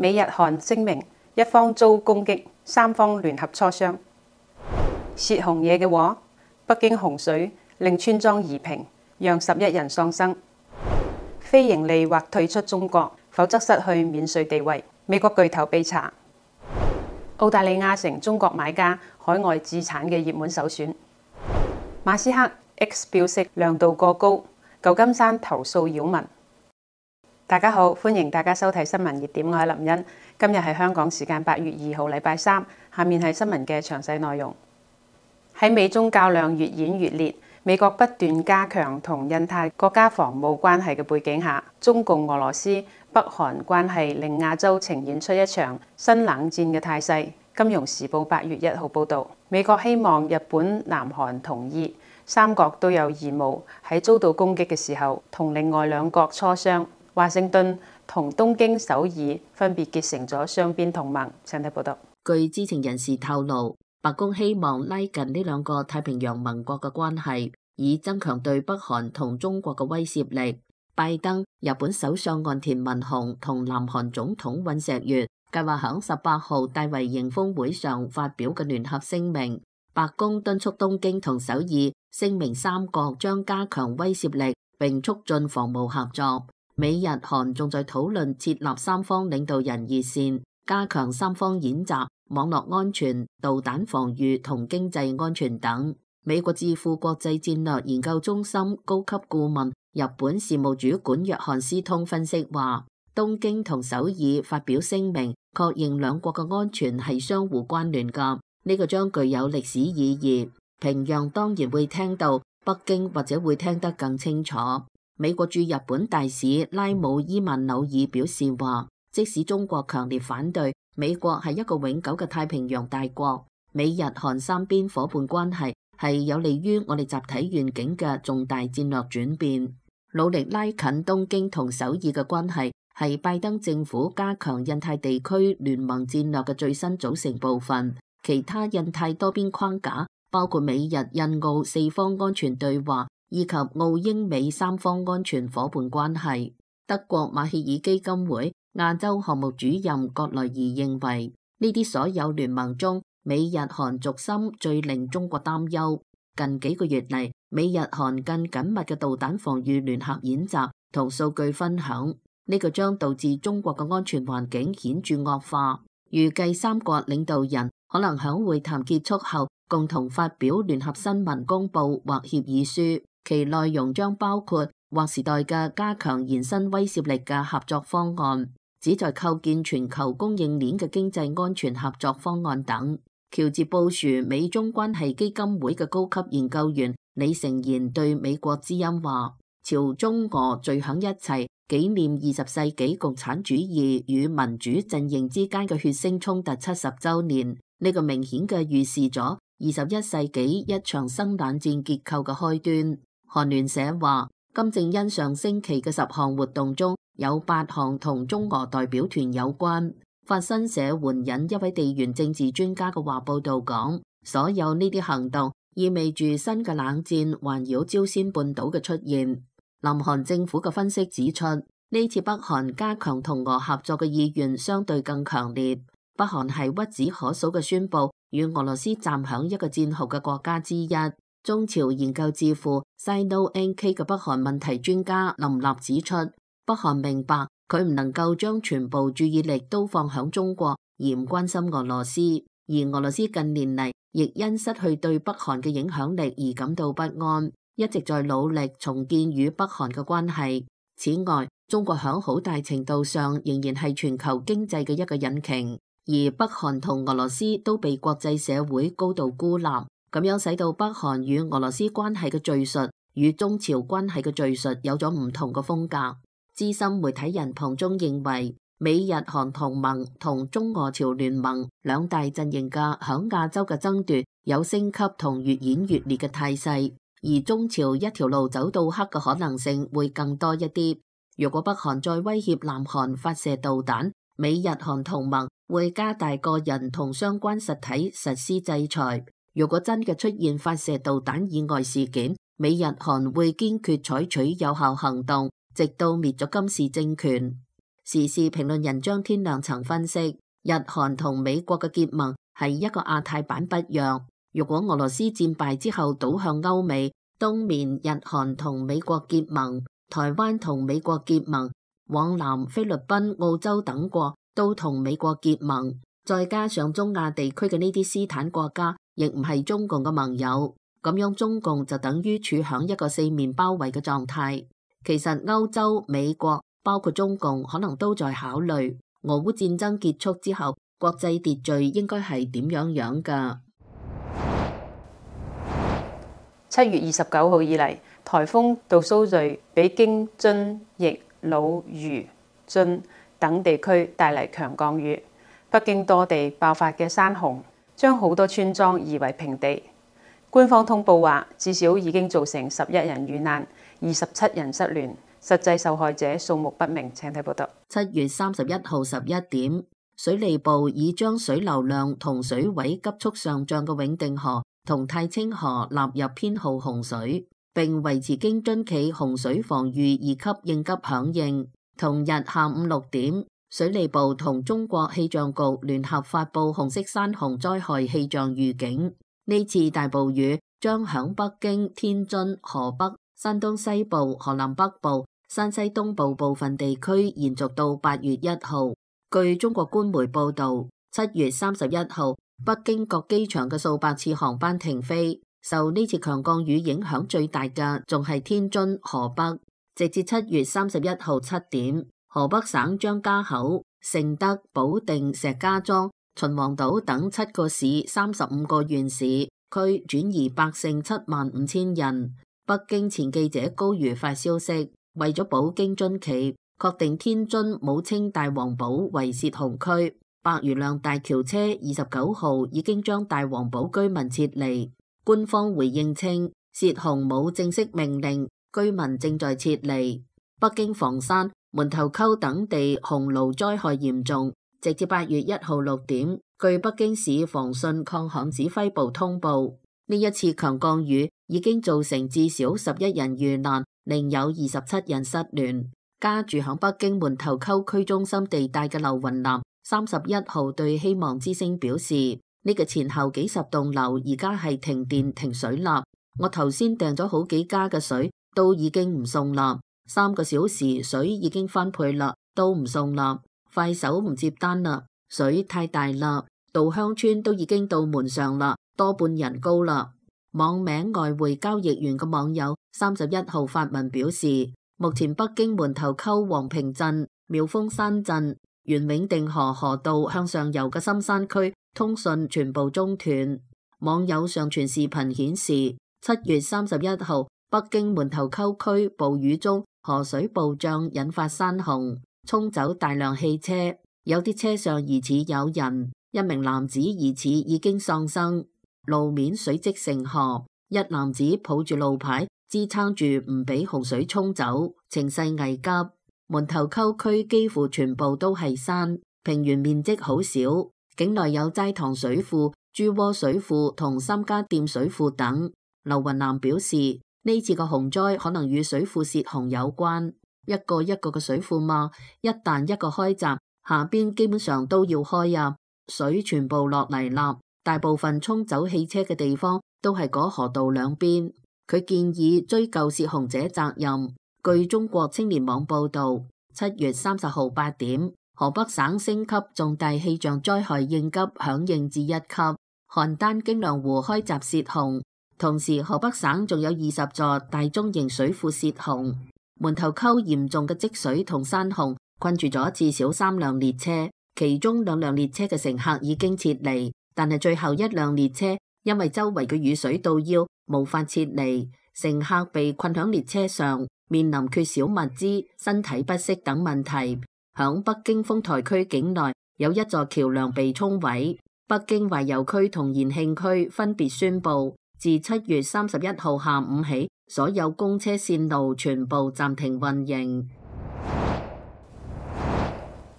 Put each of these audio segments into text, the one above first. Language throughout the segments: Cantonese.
美日韓聲明，一方遭攻擊，三方聯合磋商。泄洪惹嘅禍，北京洪水令村莊夷平，讓十一人喪生。非盈利或退出中國，否則失去免稅地位。美國巨頭被查，澳大利亞成中國買家海外置產嘅熱門首選。馬斯克 X 標識亮度過高，舊金山投訴擾民。大家好，歡迎大家收睇新聞熱點，我係林茵。今日係香港時間八月二號，禮拜三。下面係新聞嘅詳細內容。喺美中較量越演越烈，美國不斷加強同印太國家防務關係嘅背景下，中共、俄羅斯、北韓關係令亞洲呈現出一場新冷戰嘅態勢。金融時報八月一號報道，美國希望日本、南韓同意，三國都有義務喺遭到攻擊嘅時候同另外兩國磋商。華盛頓同東京、首爾分別結成咗雙邊同盟。請睇報道。據知情人士透露，白宮希望拉近呢兩個太平洋盟國嘅關係，以增強對北韓同中國嘅威懾力。拜登、日本首相岸田文雄同南韓總統尹錫悅計劃喺十八號大衛營峰會上發表嘅聯合聲明，白宮敦促東京同首爾，聲明三國將加強威懾力並促進防務合作。美日韓仲在討論設立三方領導人熱線，加強三方演習、網絡安全、導彈防禦同經濟安全等。美國智庫國際戰略研究中心高級顧問、日本事務主管約翰斯通分析話，東京同首爾發表聲明，確認兩國嘅安全係相互關聯嘅，呢個將具有歷史意義。平壤當然會聽到，北京或者會聽得更清楚。美國駐日本大使拉姆伊曼紐爾表示話，即使中國強烈反對，美國係一個永久嘅太平洋大國。美日韓三邊夥伴關係係有利於我哋集體願景嘅重大戰略轉變。努力拉近東京同首爾嘅關係，係拜登政府加強印太地區聯盟戰略嘅最新組成部分。其他印太多邊框架包括美日印澳四方安全對話。以及澳英美三方安全伙伴關係，德國馬歇爾基金會亞洲項目主任格雷爾認為，呢啲所有聯盟中，美日韓軸心最令中國擔憂。近幾個月嚟，美日韓更緊密嘅導彈防禦聯合演習同數據分享，呢個將導致中國嘅安全環境顯著惡化。預計三國領導人可能響會談結束後，共同發表聯合新聞公報或協議書。其內容將包括劃時代嘅加強延伸威懾力嘅合作方案，旨在構建全球供應鏈嘅經濟安全合作方案等。喬治布殊美中關係基金會嘅高級研究員李成賢對美國之音話：朝中俄聚喺一齊紀念二十世紀共產主義與民主陣營之間嘅血腥衝突七十週年，呢、這個明顯嘅預示咗二十一世紀一場新冷戰結構嘅開端。韓聯社話，金正恩上星期嘅十項活動中有八項同中俄代表團有關。法新社援引一位地緣政治專家嘅話報道講，所有呢啲行動意味住新嘅冷戰環繞朝鮮半島嘅出現。南韓政府嘅分析指出，呢次北韓加強同俄合作嘅意願相對更強烈。北韓係屈指可數嘅宣布與俄羅斯站響一個戰壕嘅國家之一。中朝研究智庫 Sino-NK 嘅北韓問題專家林立指出，北韓明白佢唔能夠將全部注意力都放響中國，而唔關心俄羅斯，而俄羅斯近年嚟亦因失去對北韓嘅影響力而感到不安，一直在努力重建與北韓嘅關係。此外，中國響好大程度上仍然係全球經濟嘅一個引擎，而北韓同俄羅斯都被國際社會高度孤立。咁樣使到北韓與俄羅斯關係嘅敘述，與中朝關係嘅敘述有咗唔同嘅風格。資深媒體人龐中認為，美日韓同盟同中俄朝聯盟兩大陣營嘅響亞洲嘅爭奪有升級同越演越烈嘅態勢，而中朝一條路走到黑嘅可能性會更多一啲。如果北韓再威脅南韓發射導彈，美日韓同盟會加大個人同相關實體實施制裁。如果真嘅出現發射導彈意外事件，美日韓會堅決採取有效行動，直到滅咗金氏政權。時事評論人張天亮曾分析，日韓同美國嘅結盟係一個亞太版北約。如果俄羅斯戰敗之後倒向歐美，東面日韓同美國結盟，台灣同美國結盟，往南菲律賓、澳洲等國都同美國結盟，再加上中亞地區嘅呢啲斯坦國家。亦唔係中共嘅盟友，咁樣中共就等於處響一個四面包圍嘅狀態。其實歐洲、美國包括中共，可能都在考慮俄烏戰爭結束之後國際秩序應該係點樣樣噶。七月二十九號以嚟，颱風杜蘇芮，俾京津冀魯豫晉等地區帶嚟強降雨，北京多地爆發嘅山洪，將好多村莊夷為平地。官方通報話，至少已經造成十一人遇難、二十七人失聯，實際受害者數目不明。請睇報道。七月三十一號十一點，水利部已將水流量同水位急速上漲嘅永定河同大清河納入編號洪水，並維持京津冀洪水防御二級應急響應。同日下午六點。水利部同中國氣象局聯合發布紅色山洪災害氣象預警。呢次大暴雨將響北京、天津、河北、山東西部、河南北部、山西東部部，部分地區延續到八月一號。據中國官媒報道，七月三十一號，北京各機場嘅數百次航班停飛，受呢次強降雨影響最大嘅仲係天津、河北。直至七月三十一號七點。河北省張家口、承德、保定、石家莊、秦皇島等七個市三十五個縣市區轉移百姓七萬五千人。北京前記者高瑜發消息，為咗保京津冀，確定天津武清大黃堡為泄洪區，百餘輛大橋車二十九號已經將大黃堡居民撤離。官方回應稱，泄洪冇正式命令，居民正在撤離。北京房山，門頭溝等地洪澇災害嚴重。直至八月一號六點，據北京市防汛抗旱指揮部通報，呢一次強降雨已經造成至少十一人遇難，另有二十七人失聯。家住響北京門頭溝區中心地帶嘅劉雲南三十一號對希望之聲表示：呢個前後幾十棟樓而家係停電停水嘞，我頭先訂咗好幾家嘅水都已經唔送啦。三個小時水已經翻倍啦，都唔送啦，快手唔接單啦，水太大啦，稻香村都已經到門上啦，多半人高啦。網名外匯交易員嘅網友三十一號發文表示，目前北京門頭溝黃平鎮、妙峰山鎮袁永定河河道向上游嘅深山區通訊全部中斷。網友上傳視頻顯示，七月三十一號北京門頭溝區暴雨中。河水暴漲，引發山洪，沖走大量汽車，有啲車上疑似有人，一名男子疑似已經喪生。路面水積成河，一男子抱住路牌支撐住，唔俾洪水沖走，情勢危急。門頭溝區幾乎全部都係山，平原面積好少，境內有齋堂水庫、珠窩水庫同三家店水庫等。劉云南表示，呢次嘅洪災可能與水庫泄洪有關，一個一個嘅水庫嘛，一旦一個開閘，下邊基本上都要開呀，水，全部落嚟啦，大部分沖走汽車嘅地方都係嗰河道兩邊。佢建議追究泄洪者責任。據中國青年網報道，七月三十號八點，河北省升級重大氣象災害應急響應至一級，邯鄲京娘湖開閘泄洪。同時，河北省仲有二十座大中型水庫泄洪，門頭溝嚴重嘅積水同山洪困住咗至少三輛列車，其中兩輛列車嘅乘客已經撤離，但係最後一輛列車因為周圍嘅雨水到腰，無法撤離，乘客被困響列車上，面臨缺少物資、身體不適等問題。響北京豐台區境內有一座橋樑被沖毀，北京懷柔區同延慶區分別宣布。自七月三十一號下午起，所有公車線路全部暫停運營。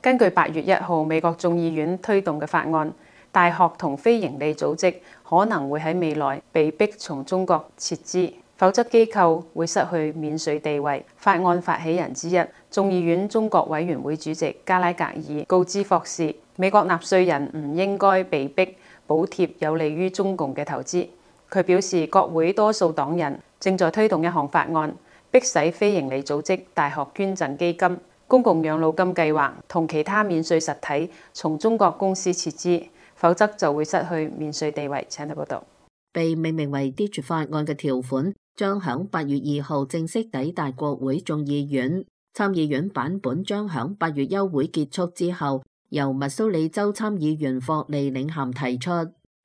根據八月一號美國眾議院推動嘅法案，大學同非盈利組織可能會喺未來被逼從中國撤資，否則機構會失去免稅地位。法案發起人之一，眾議院中國委員會主席加拉格爾告知霍士，美國納稅人唔應該被逼補貼有利於中共嘅投資。佢表示，國會多數黨人正在推動一項法案，迫使非營利組織、大學捐贈基金、公共養老金計劃同其他免稅實體從中國公司撤資，否則就會失去免稅地位。請睇報道。被命名為 D 條法案嘅條款將響八月二號正式抵達國會眾議院，參議院版本將響八月休會結束之後，由密蘇里州參議員霍利領銜提出。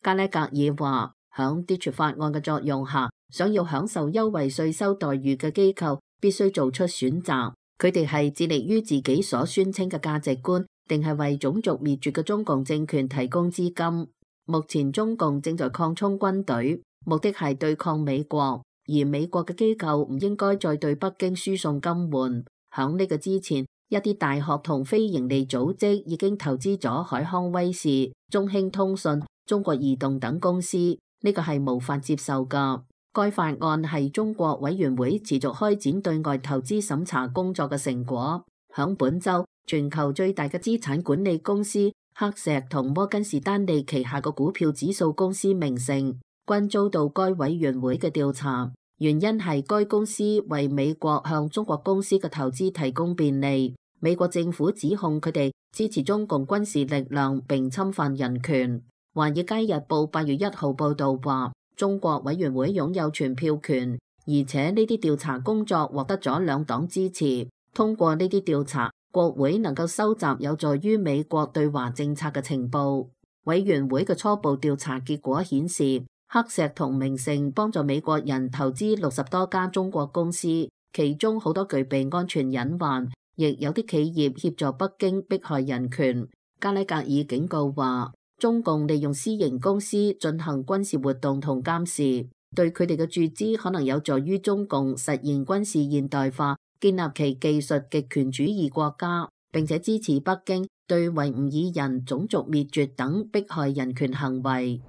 加拉格爾話。響 Ditch 法案嘅作用下，想要享受優惠稅收待遇嘅機構必須做出選擇，佢哋係致力於自己所宣稱嘅價值觀定係為種族滅絕嘅中共政權提供資金？目前中共正在擴充軍隊目的係對抗美國，而美國嘅機構唔應該再對北京輸送金援。響呢個之前，一啲大學同非營利組織已經投資咗海康威視、中興通訊、中國移動等公司。呢個係無法接受噶。該法案係中國委員會持續開展對外投資審查工作嘅成果。響本周，全球最大嘅資產管理公司黑石同摩根士丹利旗下嘅股票指數公司明晟均遭到該委員會嘅調查，原因係該公司為美國向中國公司嘅投資提供便利。美國政府指控佢哋支持中共軍事力量並侵犯人權。華爾街日報八月一號報道話，中國委員會擁有傳票權，而且呢啲調查工作獲得咗兩黨支持。通過呢啲調查，國會能夠收集有助於美國對華政策嘅情報。委員會嘅初步調查結果顯示，黑石同明晟幫助美國人投資六十多家中國公司，其中好多具備安全隱患，亦有啲企業協助北京迫害人權。加里格爾警告話。中共利用私營公司進行軍事活動同監視，對佢哋嘅注資可能有助於中共實現軍事現代化，建立其技術極權主義國家，並且支持北京對維吾爾人種族滅絕等迫害人權行為。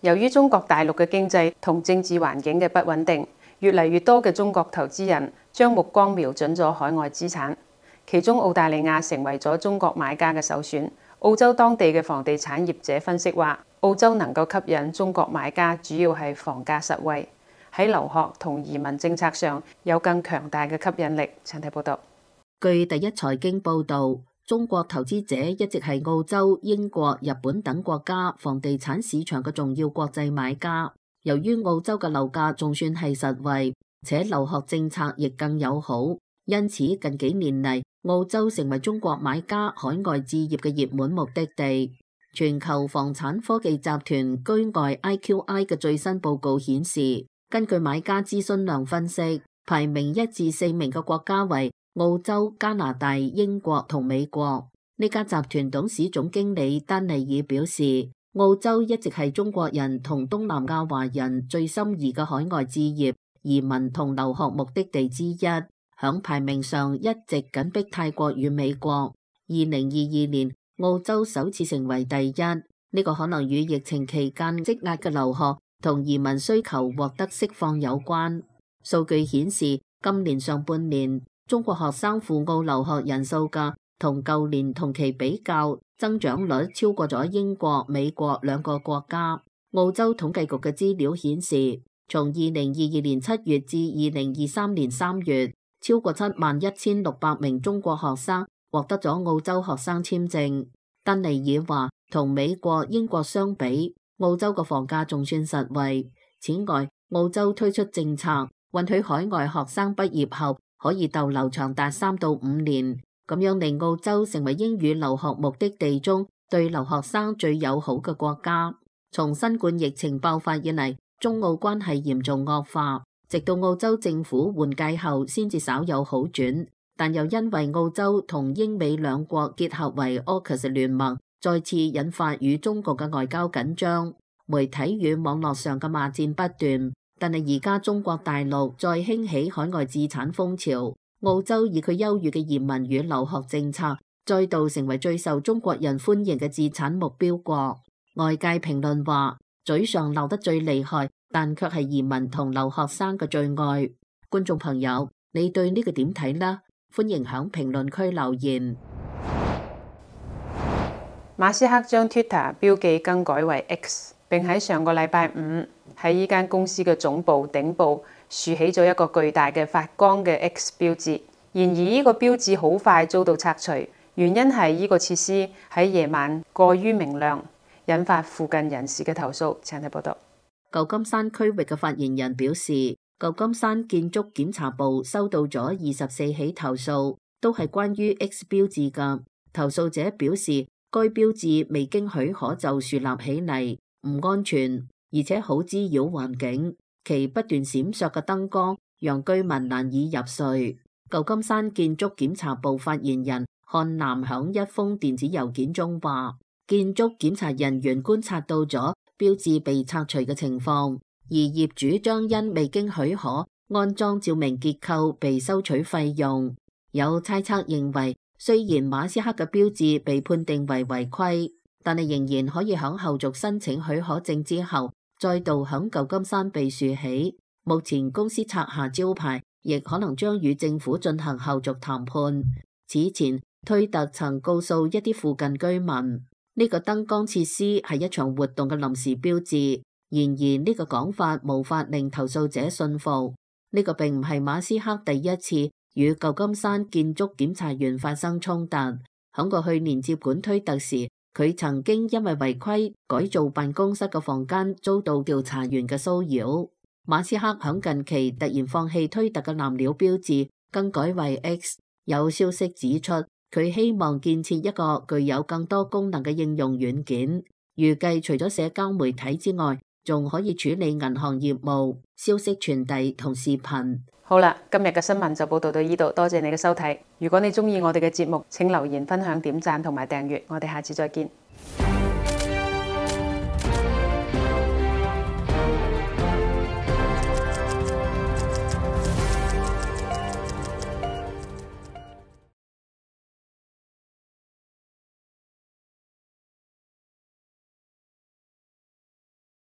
由於中國大陸嘅經濟同政治環境嘅不穩定，越嚟越多嘅中國投資人將目光瞄準咗海外資產。其中，澳大利亞成為咗中國買家嘅首選。澳洲當地嘅房地產業者分析話，澳洲能夠吸引中國買家，主要係房價實惠，喺留學同移民政策上有更強大嘅吸引力。請睇報導，據第一財經報道，中國投資者一直係澳洲、英國、日本等國家房地產市場嘅重要國際買家。由於澳洲嘅樓價仲算係實惠，且留學政策亦更友好，因此近幾年嚟，澳洲成為中國買家海外置業嘅熱門目的地。全球房產科技集團居外 IQI 嘅最新報告顯示，根據買家諮詢量分析，排名一至四名嘅國家為澳洲、加拿大、英國同美國。呢家集團董事總經理丹尼爾表示，澳洲一直係中國人同東南亞華人最心儀嘅海外置業移民同留學目的地之一。喺排名上一直緊逼泰國與美國。二零二二年澳洲首次成為第一，呢個可能與疫情期間積壓嘅留學同移民需求獲得釋放有關。數據顯示，今年上半年中國學生赴澳留學人數嘅同舊年同期比較，增長率超過咗英國、美國兩個國家。澳洲統計局嘅資料顯示，從二零二二年七月至二零二三年三月。超過七萬一千六百名中國學生獲得咗澳洲學生簽證。丹尼爾話，同美國、英國相比，澳洲嘅房價仲算實惠。此外，澳洲推出政策，允許海外學生畢業後可以逗留長達三到五年，咁樣令澳洲成為英語留學目的地中對留學生最友好嘅國家。從新冠疫情爆發以嚟，中澳關係嚴重惡化。直到澳洲政府換屆後，先至稍有好轉，但又因為澳洲同英美兩國結合為 AUKUS 聯盟，再次引發與中國嘅外交緊張，媒體與網絡上嘅罵戰不斷。但係而家中國大陸再興起海外置產風潮，澳洲以佢優越嘅移民與留學政策，再度成為最受中國人歡迎嘅置產目標國。外界評論話，嘴上罵得最厲害。但卻係移民同留學生嘅最愛，觀眾朋友，你對呢個點睇呢？歡迎響評論區留言。馬斯克將 Twitter 標記更改為 X，並喺上個禮拜五喺依間公司嘅總部頂部豎起咗一個巨大嘅發光嘅 X 標誌。然而，呢個標誌好快遭到拆除，原因係呢個設施喺夜晚過於明亮，引發附近人士嘅投訴。請睇報道。舊金山區域嘅發言人表示，舊金山建築檢查部收到咗二十四起投訴，都係關於 X 標誌嘅。投訴者表示，該標誌未經許可就樹立起嚟，唔安全，而且好滋擾環境。其不斷閃爍嘅燈光，讓居民難以入睡。舊金山建築檢查部發言人漢南響一封電子郵件中話，建築檢查人員觀察到咗。標誌被拆除嘅情況，而業主將因未經許可安裝照明結構被收取費用。有猜測認為，雖然馬斯克嘅標誌被判定為違規，但係仍然可以響後續申請許可證之後，再度響舊金山被豎起。目前公司拆下招牌，亦可能將與政府進行後續談判。此前，推特曾告訴一啲附近居民。呢個燈光設施係一場活動嘅臨時標誌，然而呢個講法無法令投訴者信服。呢、這個並唔係馬斯克第一次與舊金山建築檢查員發生衝突。響過去年接管推特時，佢曾經因為違規改造辦公室嘅房間，遭到調查員嘅騷擾。馬斯克響近期突然放棄推特嘅藍鳥標誌，更改為 X。有消息指出。佢希望建設一個具有更多功能嘅應用軟件，預計除咗社交媒體之外，仲可以處理銀行業務、消息傳遞同視頻。好啦，今日嘅新聞就報道到呢度，多謝你嘅收睇。如果你鍾意我哋嘅節目，請留言分享、點讚同埋訂閱。我哋下次再見。